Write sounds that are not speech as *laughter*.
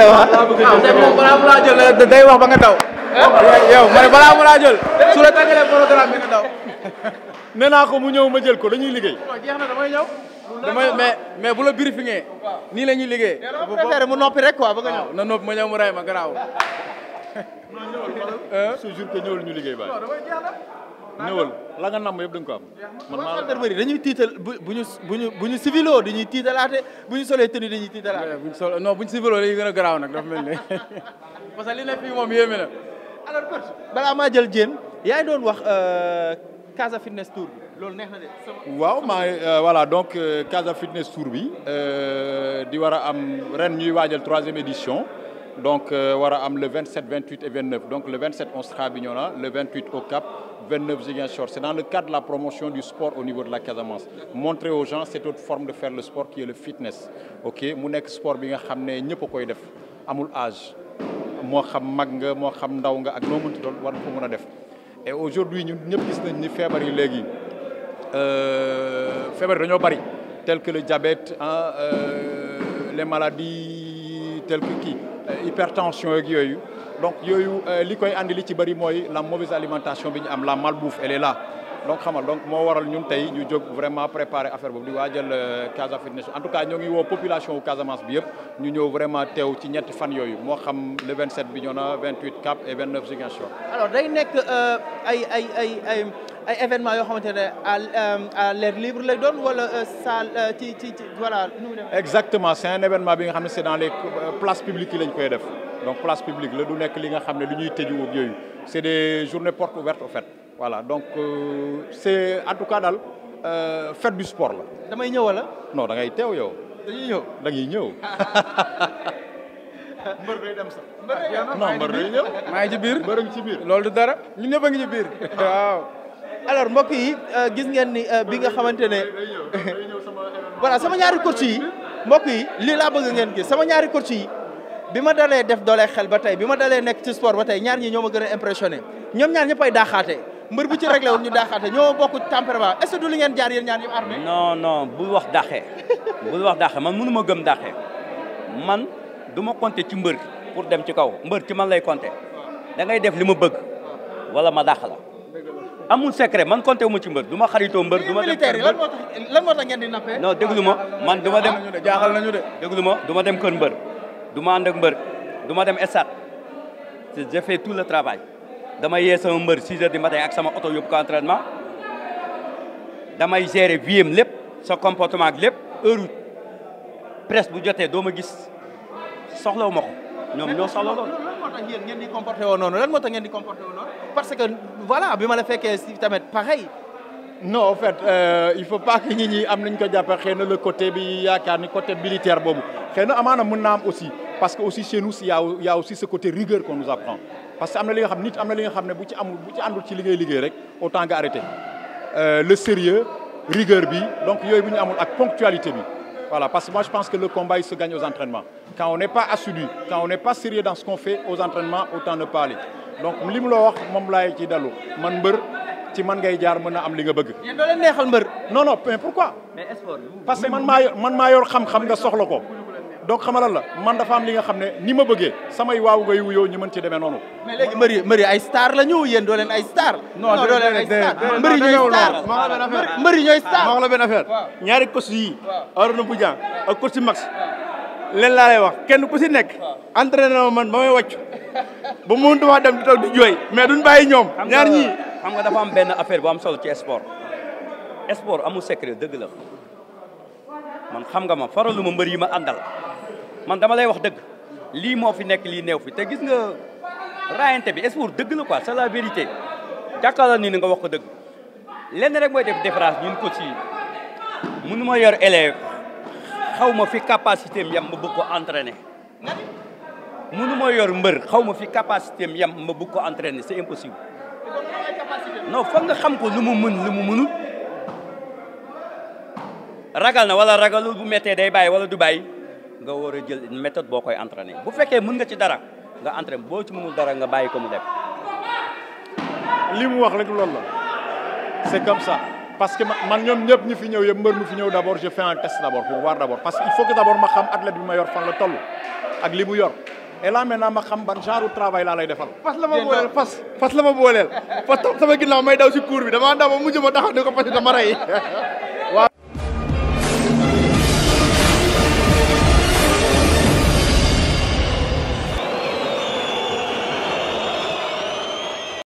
teewaat. balaa mu laa jël eh, ba nga daw. Eh? yow ma ne balaa mu laa jël. Eh, su la tàggalee programme bi nga *laughs* naa ko mu ñëw ma jël ko dañuy liggéey. Oh, jeex na damay ñëw. damay mais mais bu la briefingee. nii la ñuy liggéey. bu préféré mu noppi rek quoi ba nga na noppi ma ñëw mu ma garaaw. *laughs* toujours que ñëwal ñu liggéey baay ñëwal. la nga namm yëpp da nga ko am. dañuy tiital bu bu ñu bu ñu bu ñu civiloo dañuy tiitalaate bu ñu solee tenue dañuy tiitalaate. bu ñu solo non bu ñu civiloo dañuy gën a garaaw nag dafa mel ni *laughs* parce que li na fii moom yéeme na. alors coach balaa maa jël jéen yaa ngi doon wax euh, Casa Fitness Tour bi loolu neex na de. waaw maa euh, voilà donc euh, Casa Fitness Tour bi di war a am ren ñuy waajal troisième édition. donc euh, war am le 27 28 et 29 donc le 27 on sera à Bignona le 28 au Cap 29 Ziguinchor c'est dans le cadre de la promotion du sport au niveau de la Casamance montrer aux gens cette autre forme de faire le sport qui est le fitness ok mu nekk sport bi nga xam ne ñëpp a koy def amul âge moo xam mag nga moo xam ndaw nga ak noo mënti doon war nga ko mën a def et aujourd'hui ñun ñëpp nañ ni feebar yi léegi euh, feebar dañoo bari tel que le diabète euh, les maladies tel que kii Euh, hypertension ak yooyu donc yooyu euh, li koy andi li ci bëri mooy la mauvaise alimentation bi ñu am la malbouffe elle donc xamal donc moo waral ñun tey ñu jóg vraiment préparer affaire boobu di waajal euh, Casa Fitness en tout cas ñoo ngi woo population wu Casamance bi yëpp moo xam Cap et 29 Ziguinchor. alors day nekk ay ay ay. ay événement yoo xamante ne euh, à l'air libre lay doon wala euh, salle euh, ci ci voilà. exactement c'est un événement bi nga xam ne c'est dans les places publiques yi lañ koy def donc place publique la du nekk li nga xam ne lu ñuy tëju ak yooyu c'est des journées portes ouvertes en fait voilà donc euh, c'est en tout cas dal euh, fête du sport la. damay ñëw wala. non da ngay teew yow. dañuy ñëw da ngay ñëw. *laughs* mbër day dem sax. mbër day ñëw. maa ngi ci biir mbër ngi ci dara ñun ñëpp a alors mbokk yi euh, gis ngeen ni euh, bi nga xamante ne *laughs* voilà sama ñaari coach yi mbokk yi lii laa bëgg ngeen gis sama ñaari coach yi bi ma dalee def doole xel ba tey bi ma dalee nekk ci sport ba tey ñaar ñi ñoo ma gën a impressionné ñoom ñaar ñëpp ay daaxaate mbër bu ci réglé woon ñu daaxaate ñoo bokk tempérament est-ce que du li ngeen jaar yéen ñaar ñëpp armé. non non bul wax daaxee bul wax daaxee man mënu ma gëm daaxee man du ma compter ci mbër pour dem ci kaw mbër ci man lay compter da ngay def li ma bëgg wala ma daax la. amul secret man compté wu ma ci mbër du ma xaritoo mbër du ma dem kër mbër lan moo tax ngeen di nappee non déglu ma man du ma dem jaaxal nañu ma du dem kër mbër du ma ànd ak mbër du ma dem estat je fais tout le travail damay yee sama mbër 6 di ma matin ak sama oto yóbbu ko entraînement damay gere viem lépp sa comportement ak lépp heure bu jotee doo ma gis soxlawu ma ko ñoom ñoo soxla loolu lan parce que voilà bi ma la fekkee si tamit pareil. non en fait euh, il faut pas que nit ñi am nañ ko jàppee xëy na le côté bi yaakaar ni côté militaire boobu xëy na amaana mën naa aussi parce que aussi chez nous y a a aussi ce côté rigueur qu'on nous apprend parce que am na li nga xam nit am na li ne bu ci amul bu ci àndul ci li ngay liggéey rek euh, le sérieux rigueur bi donc yooyu bu amul ak ponctualité bi voilà parce que moi pense que le combat il gagne aux on n'est pas assidu quand on n'est pas sérieux dans ce qu'on fait aux entraînements donc li mu la wax moom laay ci dalu man mbër ci man ngay jaar mën a am li nga bëgg. yéen doo neexal mbër. non non mais pourquoi. mais parce que man maa man maa yor xam-xam nga soxla ko. donc xamalal la man dafa am li nga xam ne ni ma bëggee samay waaw ngay wuyoo ñu mën ci demee noonu. mais léegi mbër yi mbër yi ay star la ñu yéen doo leen ay star. non doo leen ay star mbër yi ñooy star mbër yi ñooy star. ma wax la benn affaire ñaari coach yi. waaw Arouna Boudian ak coach Max. leen laa lay wax kenn ku si nekk. entraîné na man ba may ba mënut wax dem di toog du jooy mais duñ bàyyi ñoom. ñaar ñii xam nga dafa am benn affaire bu am solo ci sport. sport amul secret dëgg la man xam nga ma faralu ma mbër yi ma àndal man dama lay wax dëgg lii moo fi nekk lii neew fi te gis nga raayante bi sport dëgg la quoi c'est la vérité jàkkaarloo ni nga wax ko dëgg lenn rek mooy def différence ñun ko si mënu ma yor élève xaw ma fi capacité am yam ma bëgg ko entraîner mënu ma yor mbër xaw ma fi capacité am yem ma bëgg ko entraîner c'est impossible non foog nga xam ko lu mu mën lu mu mënul ragal na wala ragalul bu méttee day bàyyi wala du bàyyi nga war a jël méthode boo koy entraîner bu fekkee mën nga ci dara nga entraîner boo ci mënul dara nga bàyyi ko mu def li mu wax rek loolu la c'est comme ça parce que man ñoom ñëpp ñu fi ñëw yëpp mbër mu fi ñëw d'abord je fais un test d'abord pour voir d'abord parce que il faut que d'abord ma xam bi ma yor fan la toll ak li mu yor et là maintenant ma xam ban genre travail laa lay fas la ma booleel fas fas la ma booleel *laughs* fas sama ginnaaw may daw si bi damaa daw ba mujj ma taxaw ne fas dama rey *laughs*